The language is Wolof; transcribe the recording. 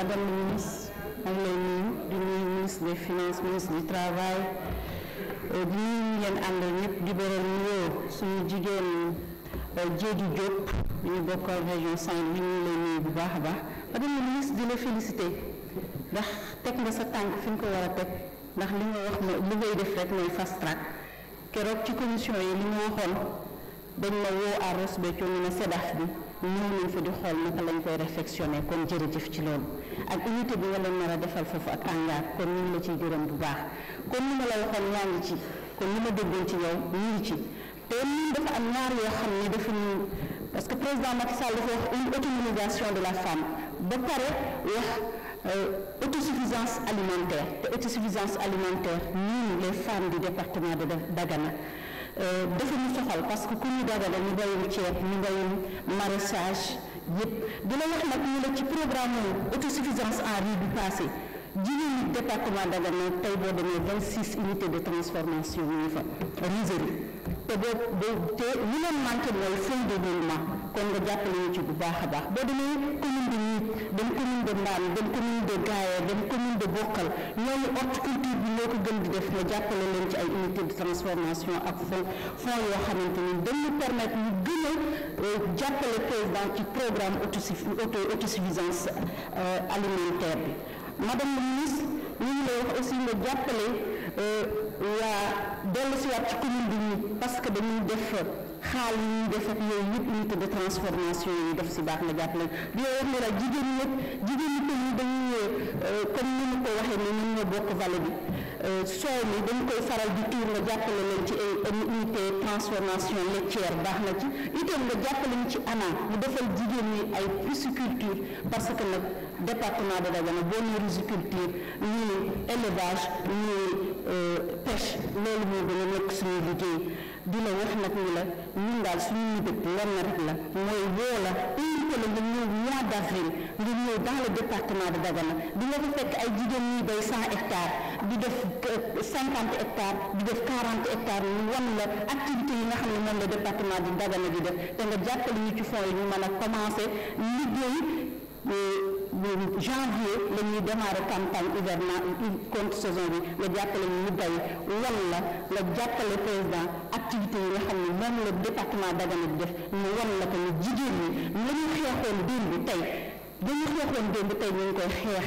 madame la ministre moom lay nuyu di nuyu ministre des finances ministre du travail euh, di nuyu ngeen ànd ñëpp di beral nuyoo suñu jigéen euh, Diédi Diop ñu bokkal région Saint-Louis ñu lay nuyu bu baax a baax madame la ministre di la félicité ndax teg nga sa tànk fi nga ko war a teg ndax li nga wax mooy li ngay def rek mooy fast track keroog ci commission yi li nga waxoon dañ ma woo à Ross Béthio ñu ne SEDAF bi ñëw nañ fa di xool naka lañ koy réfectionné kon jërëjëf ci loolu ak unité bi nga leen a defal foofu ak ANCAR kon ñu ngi la ciy gërëm bu baax kon ni ma la waxoon yaa ci kon ni ma déggoon ci yow ñu ngi ci te ñun dafa am ñaar yoo xam ne dafa ñu parce que président Macky Sall dafa wax une autonomisation de la femme ba pare wax euh, autosuffisance alimentaire te autosuffisance alimentaire ñun les femmes du département de Dagana Euh, dafa ñu soxal parce que ku ñu dagale ñu bayum ceeb ñu bayum maraîchage yëpp di la wax nag ñu la ci programme autosuffisance en riz bi passé jigéen ñi département Dagana tey boo demee vingt six unités de transformation ñu ngi fa rizerie te boo boo te li leen manqué mooy fonds de développement kon nga jàppale ñu ci bu baax a baax boo demee commune de Niit dem commune de Ndam dem commune de Gaaye dem commune de Bokkal ñooñu horticulture bi gën di def nga jàppale leen ci ay unité de transformation ak fonds fonds yoo xamante ni dañu permettre ñu gën a euh, jàppale président ci programme auto autosuffisance euh, alimentaire bi madame la ministre ñu ngi lay wax aussi nga jàppale euh, waa dellu si waat ci commune bi ñu parce que dañuy def xaal yi ñuy def ak yooyu yëpp unité de transformation yi def si baax nga jàppale yooyu yëpp la jigéen ñëpp jigéen ñi dañuy comme ni ma ko waxee ni ñun ñoo bokk vallée bi soow mi dañ koy faral di tuur nga jàppale leen ci ay unité transformation laitière baax na ci itam nga jàppale ñu ci ana mu defal jigéen ñi ay pisciculture parce que nag département de Dagana boo nee riziculture nii élevage nii euh, pêche loolu moo gën a nekk suñu liggéey di la wax nag ñu la ñun daal suñu mébét lenn rek la mooy woo la invité la nga ñëw mois d' avril nga ñëw dans département de Dagana di nga fa fekk ay jigéen ñuy béy cent hectares di def euh, cinquante hectares def quarante hectares ñu la activité yi nga xam ne moom la département de Dagana di def te nga jàppale ñu ci fonds yi ñu mën a commencé liggéey euh, bu janvier la ñuy démarrer campagne hivernale contre saison bi nga jàppale ñu mu bay wan la nga jàppale président activité yi nga xam ne moom la département Dagana bi def ñu wan la ko ñu jigéen ñi la ñu xeexoon démb tey xeexoon démb tey ñu ngi koy xeex